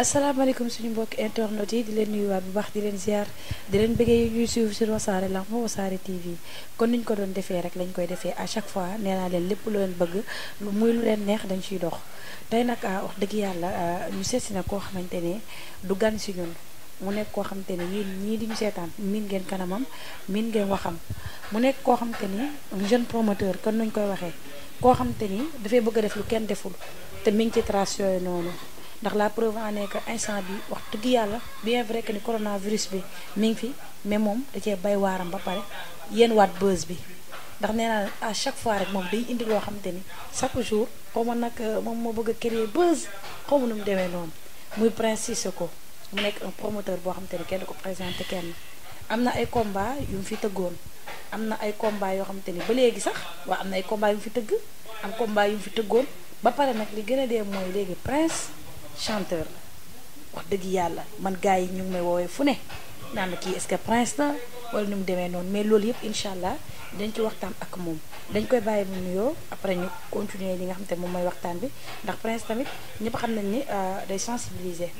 asalaamaaleykum suñu mbokk internet yi di leen nuyuwaat bu baax di leen ziar di leen bëggee ñuy suivre sur wasaare lamb wasaare TV kon niñ ko doon defee rek lañ koy defee à chaque fois nee naa leen lépp lu leen bëgg muy lu leen neex dañ ciy dox tey nag ah, wax dëgg yàlla ah, ñu seet si nag koo xamante ne du gan si ñun mu nekk koo xamante ne ñii ñii di seetaan miin ngeen kanamam miin ngeen waxam mu nekk koo xamante ni jeune promoteur kon nuñ koy waxee koo xamante ni dafay bëgg def lu kenn deful te mi ngi ci trace yooyu noonu. ndax la preuve en est instant bi wax dëgg yàlla bien vrai que ni coronavirus bi mi ngi fi mais moom dacee bay waaram ba pare yéen waat buzz bi ndax nee naa à chaque fois rek moom day indi loo xamante ni chaque jour xaw ma euh, moom moo bëgg kër créer buzz xaw ma nu mu demee noonu muy Prince ko mu nekk un promoteur boo xamante ni kenn ko présenté kenn am na ay combat yu mu fi tëggoon am na ay combat yoo xamante ni ba léegi sax waa am na ay combat yu mu fi tëgg am combat yu mu fi tëggoon ba pare nag li gën a dee mooy léegi Prince chanteur la wax dëgg yàlla man gars yi ñu ngi may woowee fu ne naan kii est-ce que prince la nu mu demee noonu mais loolu yëpp incha allah dañ ci waxtaan ak moom dañ koy bàyyi mu nuyoo après ñu continuer li nga xam ne moom mooy waxtaan bi ndax prince tamit ñëpp xam nañ ni euh, day sensibiliser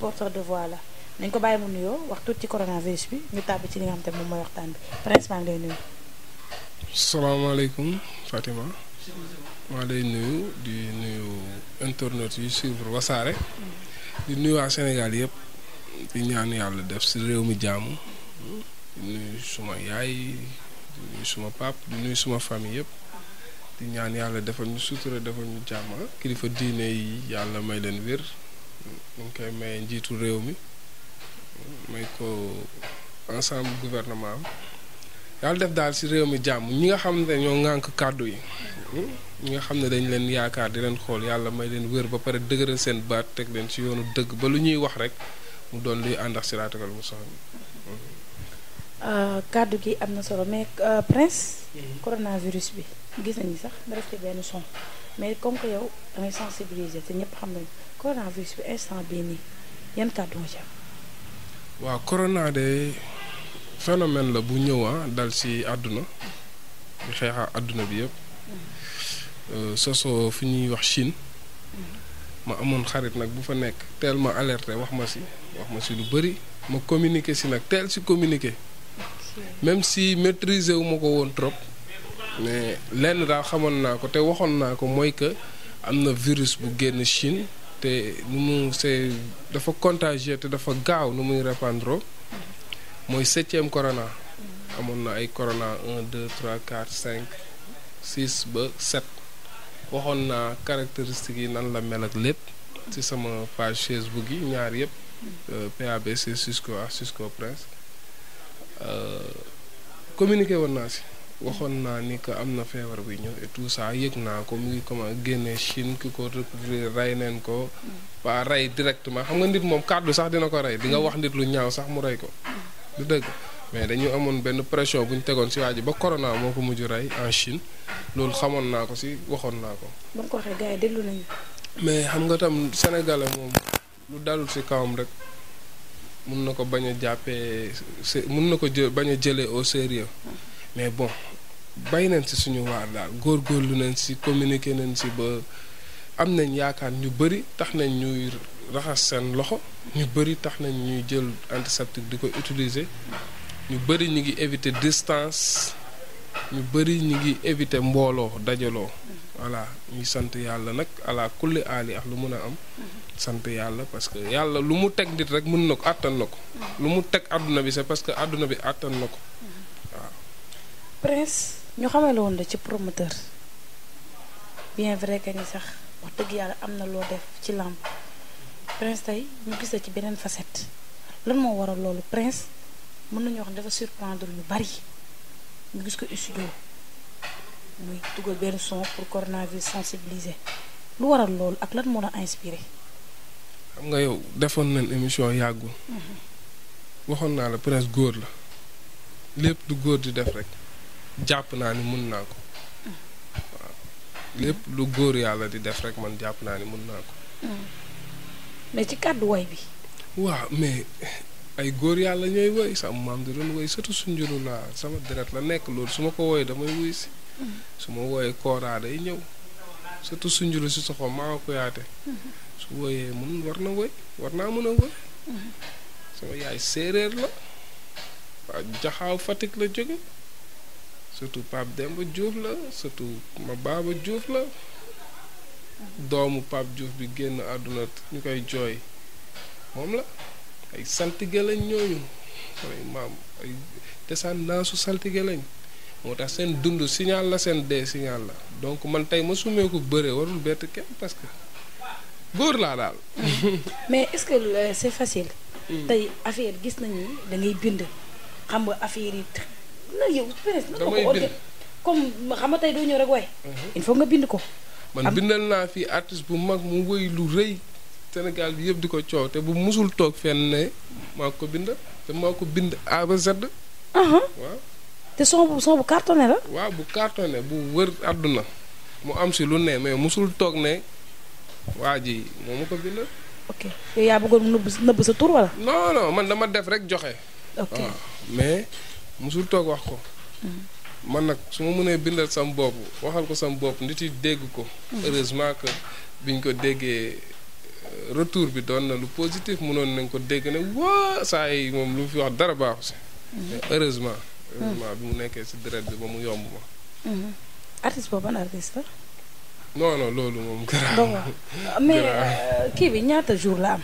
porteur de voix la nañ ko bàyyi mu nuyoo wax tuuti ci coronavirus bi ñu tàbbi ci li nga xam te moom mooy waxtaan bi prince maa ngi lay nuyu. salaamaaleykum Fatima. maa lay nuyu di nuyu internet yi suivre wasaare di nuyu waa Sénégal yëpp di ñaan yàlla def si réew mi jàmm di nuyu suma yaay di nuyu suma pap di nuyu suma fami yëpp di ñaan yàlla defal ñu sutura defal ñu jàmm kilifa diine yi yàlla may leen wér ñu ngi koy maye njiitu réew mi may ko ensemble gouvernement am yàlla def daal si réew mi jàmm ñi nga xam ne ñoo ŋànk kàddu yi. ñi nga xam ne dañ leen yaakaar di leen xool yàlla may leen wér ba pare dëgëral seen baat teg leen ci yoonu dëgg ba lu ñuy wax rek mu doon luy àndax mu mustaqiim euh, kàddu gi am na solo mais euh, prince mhm. coronavirus bi gis nañu sax nga mais comme que xam nañu coronavirus bi instant bii nii yan kàddu nga ci am waaw de phénomène la bu ñëwa ah, dal ci àdduna bi àdduna bi yëpp Euh, sosoo fi ñuy wax Chine mm-hmm. ma amoon xarit nag bu fa nekk teel ma wax ma si wax ma si lu bëri ma communiqué si nag teel si communiqué même si maîtriser wu ko woon trop mais lenn daal xamoon naa ko te waxoon naa ko mooy que am na virus bu génn Chine te nu mu c'est dafa contagieux te dafa gaaw nu muy répandre mm-hmm. mooy septième corona mm-hmm. amoon na ay corona un deux trois quatre cinq six ba sept waxoon naa caractéristique yi nan la mel ak lépp ci sama page Facebook yi ñaar yëpp euh, PABC Cisco ak Cisco Presse euh, communiqué woon naa si waxoon naa ni que am na feebar bi ñëw et tout ça yëg naa ko mu ngi commencé génne Chine ki ko rey neen ko waa rey directement xam nga ndit moom kàddu sax dina ko rey di nga wax nit lu ñaaw sax mu rey ko du dëgg mais dañu amoon benn pression bu ñu tegoon si waa ji ba corona moo ko mujj rey en Chine loolu xamoon naa ko si waxoon naa ko. ba mais xam nga tam sénégalais moom lu dalul si kawam rek mun na ko bañ jàppee mun na ko jë bañ a jëlee au sérieux mais bon bay nañ si suñu waar daal góorgóorlu nañ si communiqué nañ si ba am nañ yaakaar ñu bëri tax nañ ñuy raxas seen loxo ñu bëri tax nañ ñuy jël antiseptique di ko utiliser. ñu bëri ñu ngi éviter distance ñu bëri ñu ngi éviter mbooloo dajaloo voilà ñuy sant yàlla nag ala kulli aali ak lu mën a am sant yàlla parce que yàlla lu mu teg nit rek mën na ko àttan na ko lu mu teg àdduna bi c'est parce que àdduna bi àttan na ko waaw Prince ñu xamale la ci promoteur bien vrai que sax wax dëgg yàlla am na loo def ci làmb Prince tey ñu gis la ci beneen facette lan moo waral loolu Prince mën nañu wax ne dafa surprendre ñu bari ñu gis ko studio muy dugal benn son pour coronavirus sensibiliser lu waral loolu ak lan moo la inspiré. xam nga yow defoon nañ émission yàggu mm-hmm. waxoon naa la presse góor la lépp du góor di def rek jàpp naa ni mun naa ko mm-hmm. waaw lépp lu góor yàlla di def rek man jàpp naa ni mun naa ko. Mm-hmm. mais ci kàddu way bi. waaw mais. ay góor yàlla ñooy woy sama maam di doon woy surtout suñ njuru laa sama deret la nekk loolu su ma ko wooyee damay wuy mm-hmm. su ma wooyee kooraa day ñëw surtout suñ njuru si soxo maa ko yaate mm-hmm. su wooyee mun war na woy war naa mën a woy mm-hmm. sama yaay séeréer la waaw jaxaaw Fatick la jóge surtout Pape Demba Diouf la surtout ma baaba Diouf la doomu Pape juuf bi génn àdduna ñu koy jooy moom la ay saltige lañ ñooñu maam ay descendance su saltige lañ moo tax seen dund signal la seen dee signal la donc man tey ma sumee ko bëree warul bett kenn parce que góor laa daal. mais est-ce que euh, c'est facile. Hmm. tey affaire gis nañu da ngay bind xam nga affaire yi na yow presque. damay bind comme xam nga tey doo ñëw rek waaye. Hmm. il faut nga bind ko. man bindal naa fi artiste bu mag mu wëy lu rëy. Sénégal bi yëpp di ko coow te bu musul toog fen ne maa ko bind te maa ko bind A ba te son bu son bu cartonné la. waaw bu cartonné bu wër àdduna mu am si lu ne mais musul toog ne waa ji moo ma ko bind. ok man dama def rek joxe. ok mais musul toog wax ko. Mm-hmm. man nag su ma mënee bindal sam bopp waxal ko sam bopp nit yi dégg ko. Mm-hmm. heureusement que biñ ko déggee. retour bi doon na lu positif mënoon nañ ko dégg ne waa saa yi moom lu mu fi wax dara baaxu si. Mhm. heureusement. Mhm. heureusement bi mu nekkee si deret bi ba mu yomb ma. Mhm. artiste boobu ban artiste non non loolu moom. garaaw mais euh, kii bi ñaata jour la am.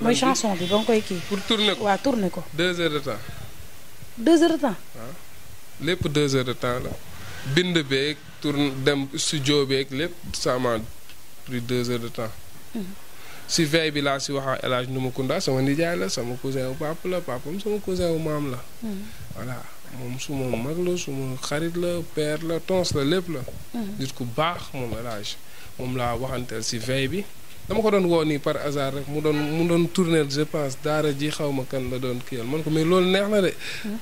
mooy chanson bi ba nga koy kii. pour tourner ko waaw tourner ko. deux heures de temps. deux heures ah. lépp deux heures de temps la. bind beeg tourne dem studio beeg lépp ça m'a pris deux heures de temps. si veille bi laa si wax ak El Hadj Numukunda sama nijaay la sama cousin u pap la papam sama cousin wu maam la. Hmm. voilà moom suma ma mag la su xarit la père la tons la lépp la. Hmm. nit ku baax moom El moom laa waxanteel si veille bi. dama ko doon woo nii par hasard rek mu doon mu doon tourner je pense daara ji xaw ma kan la doon kiyal man ko mais loolu neex na de. Hmm.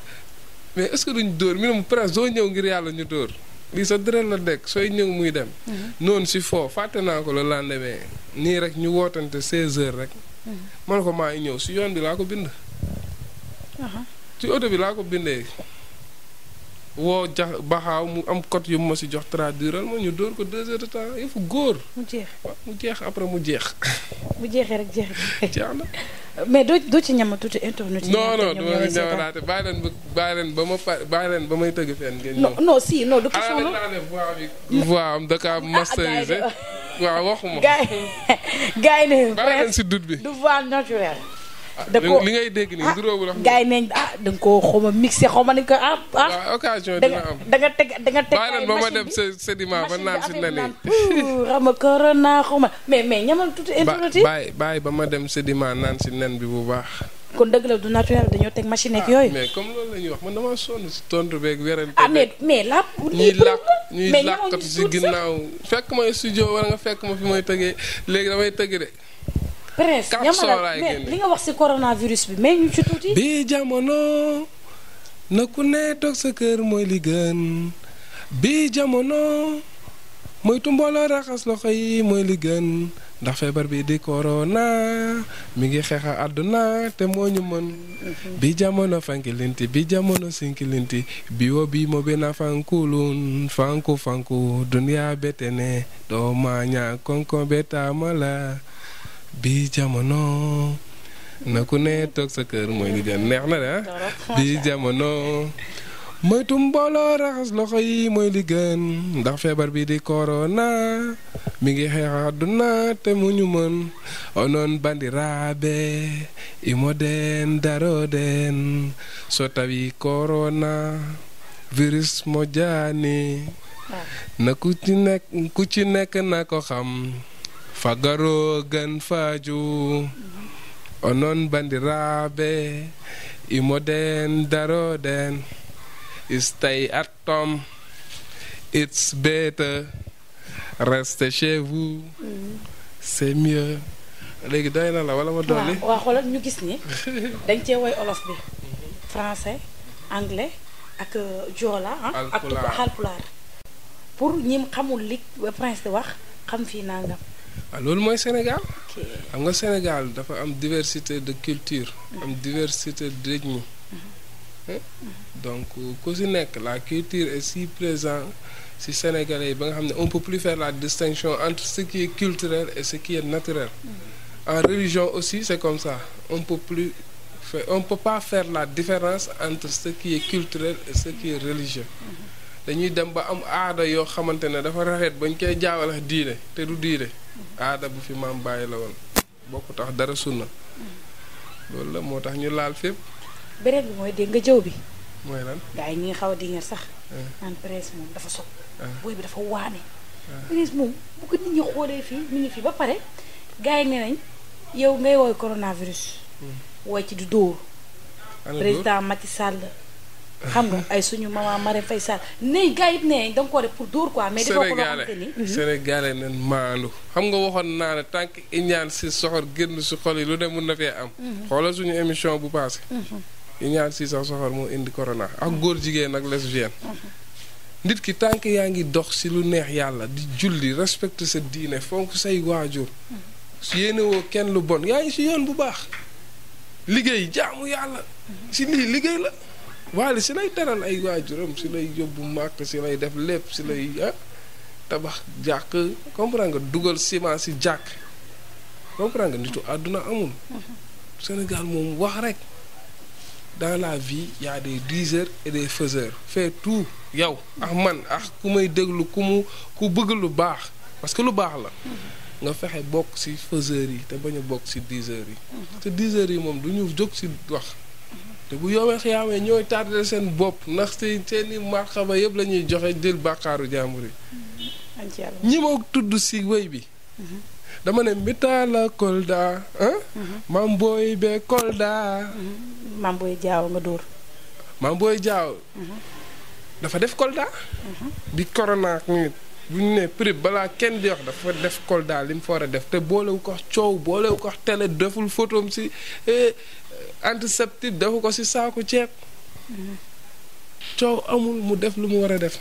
mais est-ce que duñ dóor mi ne mu presque doo ñëw ngir yàlla ñu dóor. lii sa dërët la dekk sooy ñëw muy dem. Mm-hmm. noonu si foo fàtte naa ko le lendemain nii rek ñu wootante 16 heures rek. Mm-hmm. man ko maa ngi ñëw si yoon bi laa ko bind. ci uh-huh. oto bi laa ko bindee. woo jax baxaaw mu am code yu ma si jox traduiral ma ñu dóor ko deux heures de temps yëfu góor. mu jeex waaw mu jeex après mu jeex. mu jeexee rek jeex mais doo doo ci ñam tuuti internet yi. non non duma ko ñamalaate leen ba bàyyi leen ba ma pa bàyyi leen ba may tëgg fenn ngeen. non non si non du question la ah voix am da kaa ah, ah, masterisé. waaw waxuma. gars yi gars ne. bàyyi leen si dut bi du voix naturelle. da ko li ngay dégg nii ah, duróobu la. gars yi nañ ah da nga koo xaw ma mixé xaw ma ko ah. ah. occasion dina am da nga teg da ba ma dem sédiment ba naan na nii. xam corona xaw ma mais mais ñamal tuuti introductif. ba ma dem sédiment naan si nen bi bu baax. kon dëgg la du naturel dañoo teg machine ak yooyu. Ah, mais comme loolu la ñuy wax man damaa sonn si tontu beeg werante. mais mais làpp. ñuy làq ñuy làqatu fekk may studio wala nga fekk ma fi may tëgee léegi damay tëgg de prince bi bi jamono na sa kër mooy li jamono moytu mbooloo raxas loxo yi mooy li ndax feebar bi di corona mu ngi xeexa àdduna te moo ñu mën. bi jamono fankilinti bi jamono sinkilinti biwo bi mo be na fankulun fanku fanku duniya betene do ma nya konko beta mala bi jamono na ku ne toog sa kër mooy li neex na de ah. bi jamono moytu mbooloo raxas loxo yi mooy li ndax feebar bii di korona mi ngi xeex àdduna te mu ñu mën onoon bandiraaɓe imoɗen daroɗen so tawi korona virus mo ah. na ku ci nekk ku ci nekk na ko xam fagaro gan faaju onon bandiraɓe imoɗen daroɗen stay at home it's better restez chez vous mm. léegi doy na la wala ma dolli waaw xoolal ñu gis ni dañ cee woy olof bi français anglais ak euh, joola ah, ak xalpulaar pour ñim xamul li prince di wax xam fii nangam waaw ah, loolu mooy Sénégal xam nga Sénégal dafa am diversité de culture am diversité de rythme mhm. eh? donc ku si nekk la culture est si présent si Sénégalais yi ba nga xam ne on peut plus faire la distinction entre ce qui est culturel et ce qui est naturel mhm. en religion aussi c'est comme ça on peut plus faire, on peut pas faire la différence entre ce qui est culturel et ce qui est religieux mhm. dañuy dem ba am aada yoo xamante ne dafa raxet bañ koy jaawalax diine te du diine aada bu fi maam bàyyi la woon bokku tax dara sunna loolu la moo tax ñu laal fépp beneen bi mooy dégg nga jëw bi mooy lan gars yi ñi xaw a dinga sax ah. naan presse moom dafa sob ah. booy bi dafa waane ah. presse moom bu nit ñi xoolee fii mi ngi fii ba pare gars yi ne nañ yow ngay wooy coronavirus hmm. wooy ci du dóor président Macky Sall xam nga ay suñu maman ma Faye Sall ne gars yi ne da nga koo pour dóor quoi. mais dafa ko loo xamante ni mhm. sénégalais nan maalu. xam nga waxoon naa ne tànk que iñaan si soxor génn si xol yi lu ne mun na fee am. Mhm. xoolal suñu émission bu paase. Mhm. iñaan si sax soxor moo indi corona ak góor jigéen ak lesbienne. nit ki tànk yaa ngi dox si lu neex yàlla di julli respecte sa diine fonk say waajur. su yéene kenn lu bon yaa ngi si yoon bu baax. liggéey jaamu yàlla. si lii waalo si lay teral ay waajuram si lay yóbbu màkk si lay def lépp si lay ah tabax jàkk comprend nga dugal ciment si jàkk comprend nga nitu àdduna amul mm-hmm. Sénégal moom wax rek dans la vie y a des diseurs et des faiseurs fais tout yow man ak ku may déglu ku mu ku bëgg lu baax parce que lu baax la mm-hmm. nga fexe bokk ci faiseurs yi te bañ bokk ci diseurs yi mm-hmm. te diseurs yi moom du ñu jóg ci wax te bu yowee xiyaamee ñooy tardé seen bopp ndax seen seeni marxaba yépp lañuy joxe jël bàqaaru jàmbur yi mm-hmm. ñi ma tudd si wéy bi mm-hmm. dama ne Mitaala Kolda ah mm-hmm. mam booy be Kolda mam booy jaaw booy jaaw dafa def Kolda bi corona ak nit bu ñu ne prix balaa kenn di wax dafa def Kolda li mu fa war a def te boolewu ko coow boolewu ko télé deful photom si eh, antiseptique defu ko ci saaku ceeb coow amul mu def lu mu war a def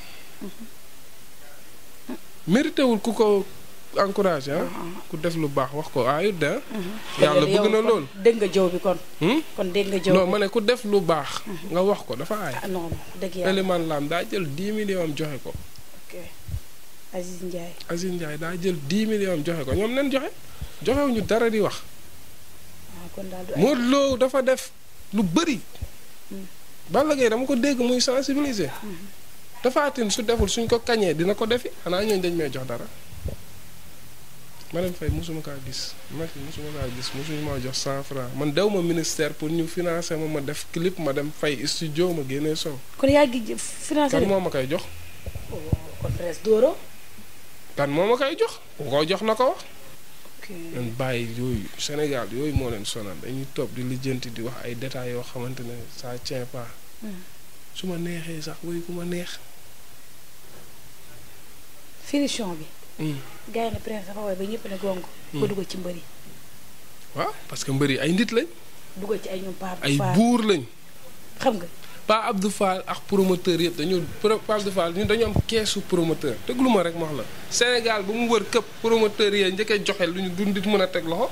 mérité wul ku ko encouragé ah? uh-huh. ku def lu baax wax ko ayut de. Ah? Uh-huh. yàlla bëgg na lool dégg nga jëw bi kon. Hmm? kon dégg ma ne ku def lu baax. Uh-huh. nga wax ko dafa aay. ah non dëgg yàlla Eliman daa jël 10 millions joxe ko. ok Aziz daa jël 10 millions joxe ko ñoom nen joxe joxewuñu dara di wax. kon daal du dafa def lu bëri. Mm. Balla Gaye dama ko dégg muy sensibiliser. Mm-hmm. Tapha su deful suñ ko kañee dina ko defi xanaa ñooñu dañ may jox dara. ma Marème Faye mosuma kaa gis Macky mosuma kaa gis mosuñu maa jox cent franc man dew ma ministère pour ñu financer ma ma def clip ma dem fay studio ma génnee sow. kon yaa ngi financé kan moom ma koy jox. Oh, kon kan moo ma koy jox. koo jox na ko wax. ñun bàyyi yooyu Sénégal yooyu moo leen sonal dañuy topp di lijjanti di wax ay détails yoo xamante ne ça tient pas. Hmm. su ma neexee sax wéy ku ma neex. finition bi. Hmm. gars yi dafa woy ba ñëpp ne gong. ko hmm. dugal ci mbëri. waaw parce que mbëri ay ndit lañ. dugal ci ay ñoom ay buur lañ. xam nga. Pa Abdou Fall ak promoteur yëpp dañu Pa Abdou Fall ñun dañu am keesu promoteur déglu ma rek ma wax la Sénégal ba mu wër këpp promoteur yee njëkkee joxe lu ñu dundit mën a teg loxo.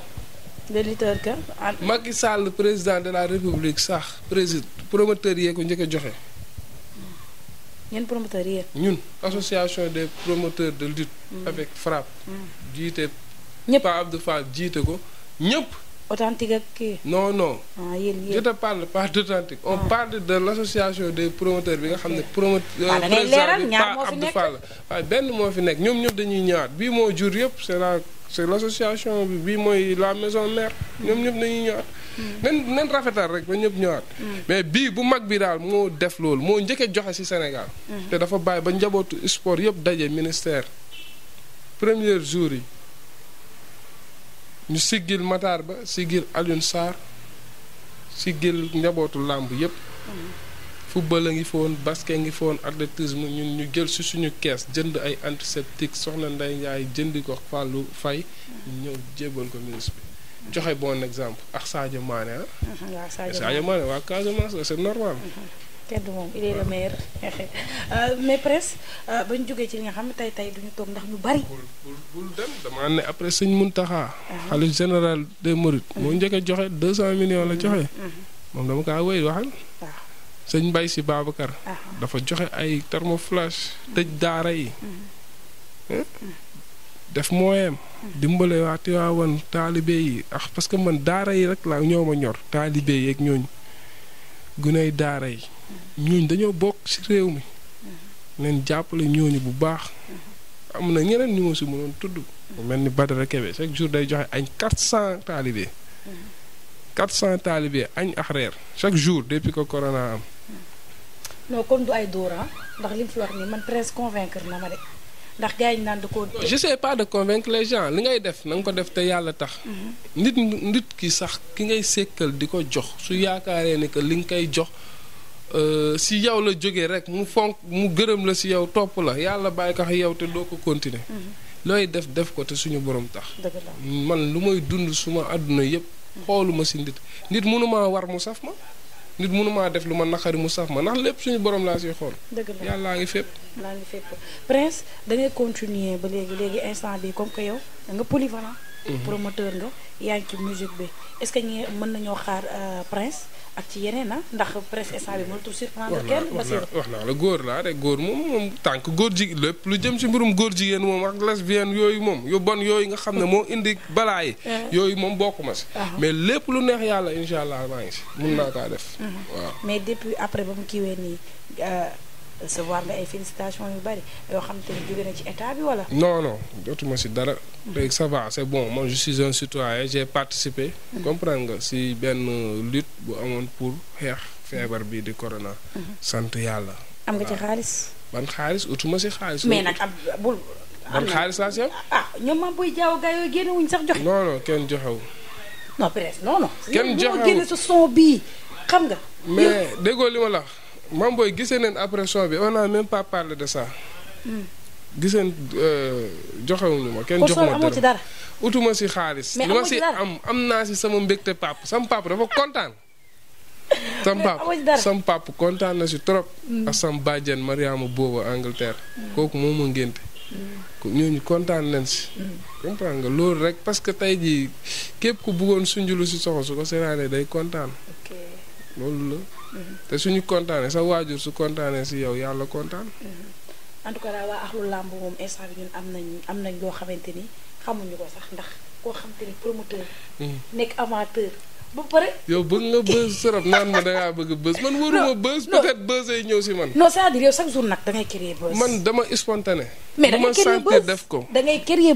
déliteur ka. Macky Sall président de la république sax président promoteur yee ko njëkkee joxe. ñun promoteur ñun association des promoteurs de lutte. Mm. avec FRAPP. Mm. jiite. ñëpp Pa Abdou Fall jiite ko ñëpp. authentique ak kii. no no ah yéen yéen de te on ah. parle de l'association des promoteurs bi nga xam ne. promoteur ah, waaw da ngay leeral ñaar moo fi benn moo fi nekk ñoom ñëpp dañuy ñëwaat bii moo jur yëpp c'est la c'est l'association bi bii mooy la maison mère. ñoom ñëpp dañuy ñëwaat. Hmm. nen nen rafetal rek ba ñëpp ñëwaat. Hmm. mais bii bu mag bi daal moo def loolu moo njëkk a joxe ci Sénégal. Hmm. te dafa bàyyi ba njabootu sport yëpp daje ministère premier jour yi. ñu siggil Matar Ba siggil Alioune Sarr siggil njabootu làmb yépp football a ngi foon basket ngi foon athlétisme ñun ñu jël si suñu kees jënd ay antiseptique soxna Ndeye Ndiaye jëndi ko fàllu fay ñëw jébal ko ministre bi joxe bon exemple ak Sadio Mané ah Sadio Mané waa Casamance c'est normal kenn moom il euh, euh, ba ñu jógee ci li nga xam ne tey tey duñu toog ndax ñu bari. bul bul dem damaa ne après sëñ Muntaxa. xalif général des Mourides. moo njëkk joxe 200 millions la joxe. moom dama kaa wéy waxal. waaw sëñ Mbaye si Babacar. dafa joxe ay thermoflash. tëj daara yi. def mooyam. dimbale waa Tiwaawan taalibe yi ah parce que man daara yi rek laa ñoo ma ñor. taalibe yeeg ñooñu guney daara yi. ñooñu dañoo bokk ci réew mi. leen jàppale ñooñu bu baax. am na ñeneen ñu ma si mënoon tudd. mel ni Badara Kebe chaque jour day joxe añ quatre cent taalibe. quatre cent taalibe añ ak reer chaque jour depuis ko corona am. non kon du ay dóora ah, ndax li mu fi man presque convaincre na ma de ndax gars naan da koo. je sais pas de convaincre les li ngay def na nga ko def te yàlla tax. Mhm. nit nit ki sax ki ngay sékkal di ko jox su yaakaaree ne que li nga koy jox. Euh, si yow la jógee rek mu fonk mu gërëm la si yow topp la yàlla bàyyi ko yow te doo ko continuer. Mhm. looy def def ko te suñu boroom tax. man lu may dund suma àdduna yëpp. Mhm. xooluma si ndit nit mënuma war mu saf ma. nit mënumaa def lu ma naqari mu saf ma ndax lépp suñu borom laa siy xool. yàlla ngi fépp. laa ngi fépp da ngay continuer ba léegi léegi instant bi comme que yow da polyvalent. promoteur nga yaa ngi ci musique bi est-ce que ñi mën nañoo xaar euh, Prince ak ci yeneen ah ndax Prince instant bi mënatul surprendre kenn. wax naa naa la góor laa rek góor moom moom tànk góor ji lépp lu jëm si mbirum góor jigéen moom ak lesbienne yooyu moom yu bon yooyu nga xam ne moo indi balaa yi. yooyu moom bokk ma si. Uh-huh. mais lépp lu neex yàlla incha allah maa ngi si mun naa kaa def. Uh-huh. mais depuis après ba mu kiiwee nii. Euh, recevoir nga ay félicitations yu bari yoo xam te ne jóge ci état bi wala. non non jotuma si dara. léegi ça bon moi je suis un citoyen j'ai participé. Mm-hmm. comprendre nga si benn lut bu amoon pour xeex feebar bi di corona. Mm-hmm. sant yàlla. am nga ci xaalis. ban xaalis utuma si xaalis. mais nag ab xaalis laa si am. Ah, ñoom maa booy jaaw gaa yooyu génne sax joxe. non non kenn joxewu. non presque non li ma la. Mame Boye gisee nañ après son bi on n'a même pas parlé de ça. Hmm. gisee euh, joxewuñu ma kenn jox ma dara utuma si xaalis. li si am am naa si sama mbégte pap sam pap dafa kontaan. sam pap kontaan na si trop. Hmm. ak sam bàjjen Mariama booba Angleterre. Hmm. kooku moom ma ngénte ñooñu kontaan nañ si. comprendre nga loolu rek parce que tey jii képp ku bëggoon sunjulu si soxo su ko seeraanee day kontaan. loolu la. te suñu kontaanee sa waajur su kontaanee si yow yàlla kontaan. en tout cas daal waa axlu làmb moom instant bi ñun am nañ am nañ loo xamante ni xamuñu ko sax ndax koo xamte ni promoteur. Mm. nekk amateur. ba pare. yow bëgg nga bës sarap naan ma dangaa bëgg bës man waruma bës. peut-être bës ñëw si man. non c'est-à-dire yow chaque jour nag da ngay créer man dama spontané. mais da ngay créer ma sentir def ko. da ngay créer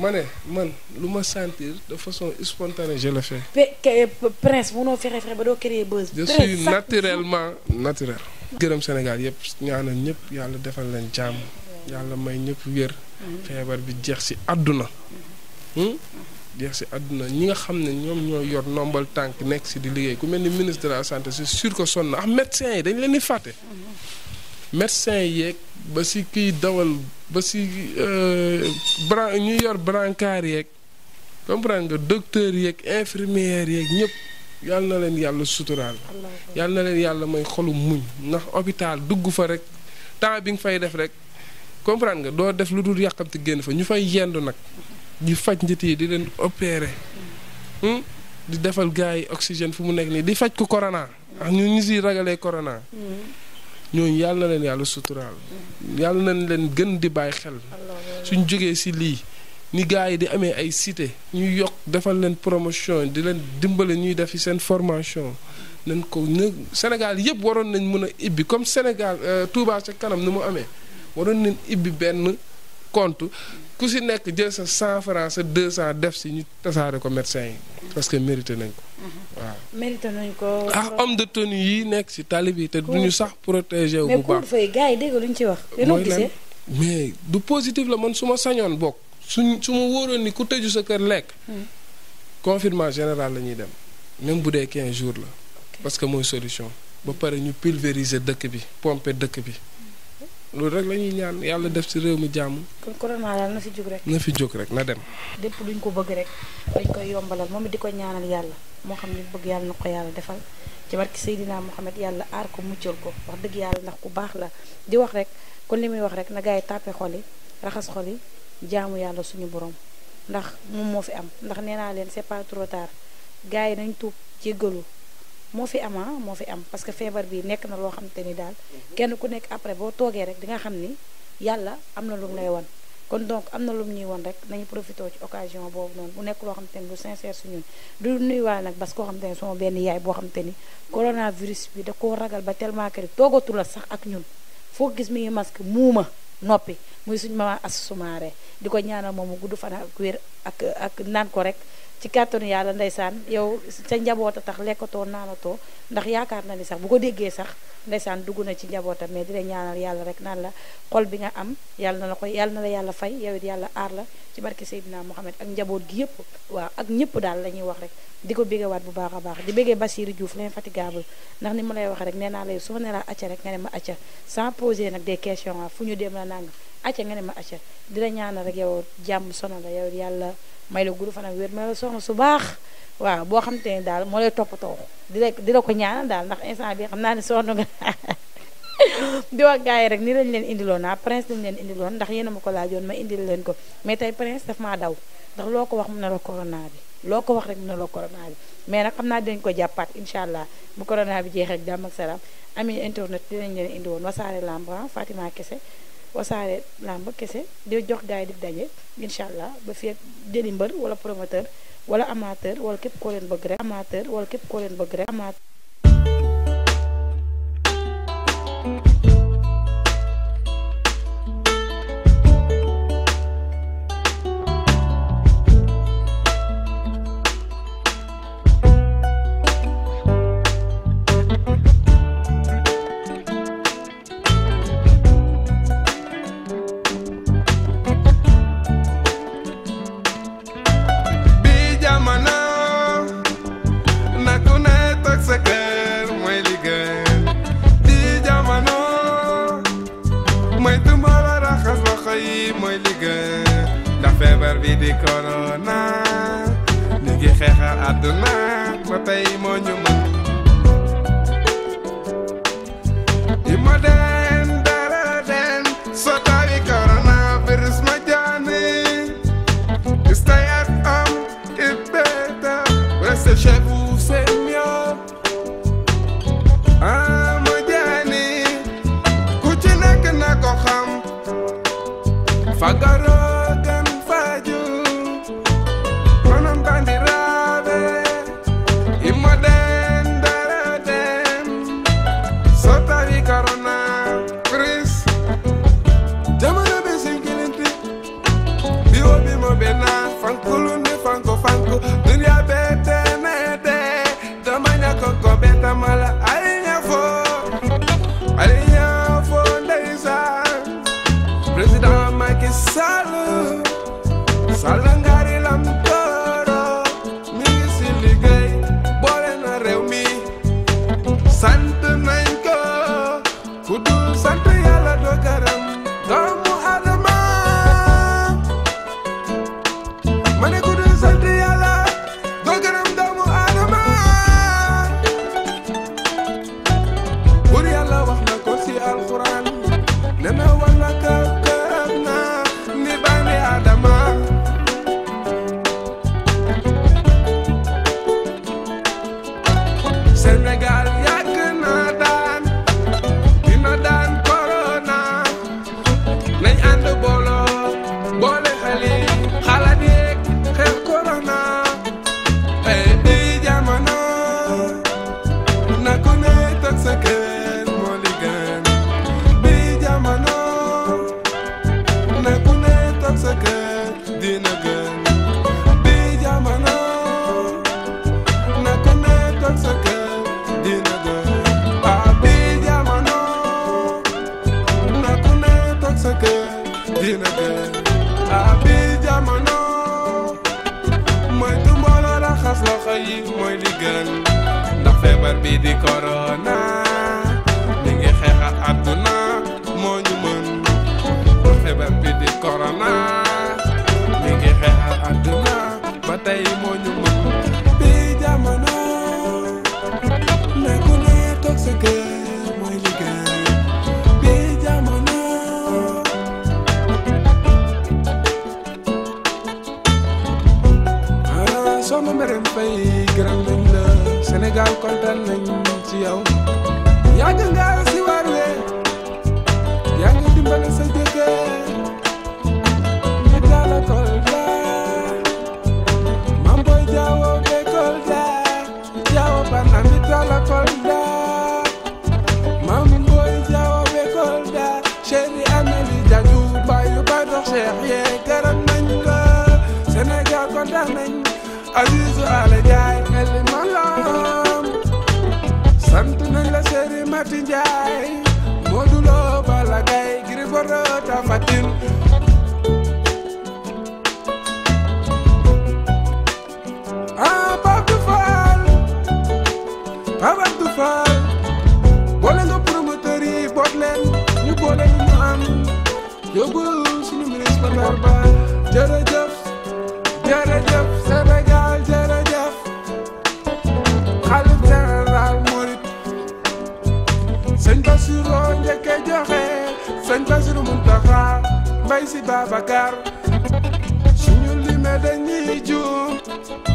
ma ne man lu ma sentir de façon spontanée je le fais. pe prince munoo fexe fexe ba doo créer bës. je suis naturellement naturel. gërëm Sénégal yëpp ñaanal ñëpp yàlla defal leen jàmm. yàlla may ñëpp wér. xeebar mm-hmm. bi jeex si àdduna. Hmm? Mm-hmm. jeex si àdduna ñi nga xam ne ñoom ñoo yor nombal tànk nekk si di liggéey ku mel ni ministre de la santé c'est sûr que sonn na ah yi dañ leen di fàtte. médecins yeeg ba si kiy dawal ba si euh, bran ñu yor brancard yeeg comprendre nga docteur yeeg infirmière yeeg ñëpp yal na leen yàlla suturaal. yal na leen yàlla may xolu muñ ndax hôpital dugg fa rek temps bi nga fay def rek comprendre nga doo def lu dul yàqamti génn fa ñu fay yendu nag. di faj njët yi di leen opeere hmm? di defal gars yi oxygène fu mu nekk nii di faj ko corona ak ñu ñu siy ragalee corona. Hmm. ñooñu yàlla leen yàlla suturaal. Hmm. yàlla nañ leen gën di bàyyi xel. suñ jógee si lii ni gars yi di amee ay cité ñu yokk defal leen promotion di leen dimbale ñuy def seen formation. nañ ko ne Sénégal yëpp waroon nañ mën a ibbi comme Sénégal euh, Touba ca kanam ni mu amee waroon nañ ibbi benn kont ku si nekk jël sa cent franc sa deux cent def si ñu tasaare ko yi parce que mérité nañ ko waaw. mérité ah, de tenue yi nekk si tali bi te duñu sax protégé wu. bu baax mais du positif la man su ma sañoon bokk suñ su ma wóoroon ni ku tëju sa kër lekk. Hmm. confinement général la ñuy dem même bu dee quinze jours la. parce que mooy solution. ba pare ñu pulvériser dëkk bi pomper dëkk bi. loolu rek la ñuy ñaan yàlla def ci réew mi jàmm. kon corona daal na fi jóg rek. na fi rek na dem. lépp luñ ko bëgg rek dañ koy yombalal moom di ko ñaanal yàlla moo xam ne bëgg yàlla na ko yàlla defal ci barki Seydina Mohamed yàlla aar ko muccal ko wax dëgg yàlla ndax ku baax la di wax rek kon li muy wax rek na gars yi tàppe xol yi raxas xol yi jaamu yàlla suñu borom ndax moom moo fi am ndax nee naa leen c'est pas trop tard gars yi nañ tuub jéggalu. moo fi am ah moo fi am parce que feebar bi nekk na loo xam te ni daal kenn ku nekk après boo toogee rek di nga xam ni yàlla am na lum lay wan kon donc am na lu mu ñuy wan rek nañu profité ci occasion boobu noonu bu nekk loo xam te ni lu sincère suñun du nuyuwaay nag parce que koo xam te ni sama benn yaay boo xam te ni coronavirus bi da ko ragal ba tellement que toogatu la sax ak ñun foo gis mi ngi masque muuma noppi muy suñ mama as sumaare di ko ñaanal moom mu gudd fan ak ak ak naan ko rek ci kàttanu yàlla ndeysaan yow sa njaboot tax lekkatoo naanatoo ndax yaakaar na ni sax bu ko déggee sax ndeysaan dugg na ci njabootam mais di la ñaanal yàlla rek naan la xol bi nga am yàlla na la koy yàlla na yàlla fay yow it yàlla aar la ci barke Seydina Mohamed ak njaboot gi yëpp waaw ak ñëpp daal la ñuy wax rek di ko béggewaat bu baax a baax di béggee Bassirou Diouf l'infatigable ndax ni ma lay wax rek nee naa la su ma rek nga ne ma acca nag des questions fu ñu dem la nang acca nga ma acca di la rek yow jàmm sono la yow yàlla may la gudd fan ak wér may la soxna su baax waaw boo xam te daal moo lay toppatoo di la di la ko ñaanal daal ndax instant bi xam naa ne sonn nga di wax gars yi rek ni lañ leen indiloon naa ah, prince lañ leen indiloon ndax yéen a ma ko laajoon ma indil leen ko mais tey prince daf maa daw ndax loo ko wax mu ne la corona bi loo ko wax rek mu ne la corona bi mais nag xam naa dinañ ko jàppaat incha allah bu corona bi jeexee ak jàmm ak salaam ami internet dinañ leen indiwoon wasaare lamb ah, Fatima Kese wasaare làmb kese dee jox gars yi di daje incha allah ba fekk jëli mbër wala promoteur wala amateur wala képp koo leen bëgg rek amateur wala képp koo leen bëgg rek amateur in abi jamono mooy tumboolo raxas loxo yi mooy li gën ndax feebar bi di korona mi ngi xeex ak àdduna moo ñu mën ndax feebar korona mi ngi xeex ak àdduna ba tey moo ñu kontaan nañ ci yow mbay si Babacar suñu limee dañuy juum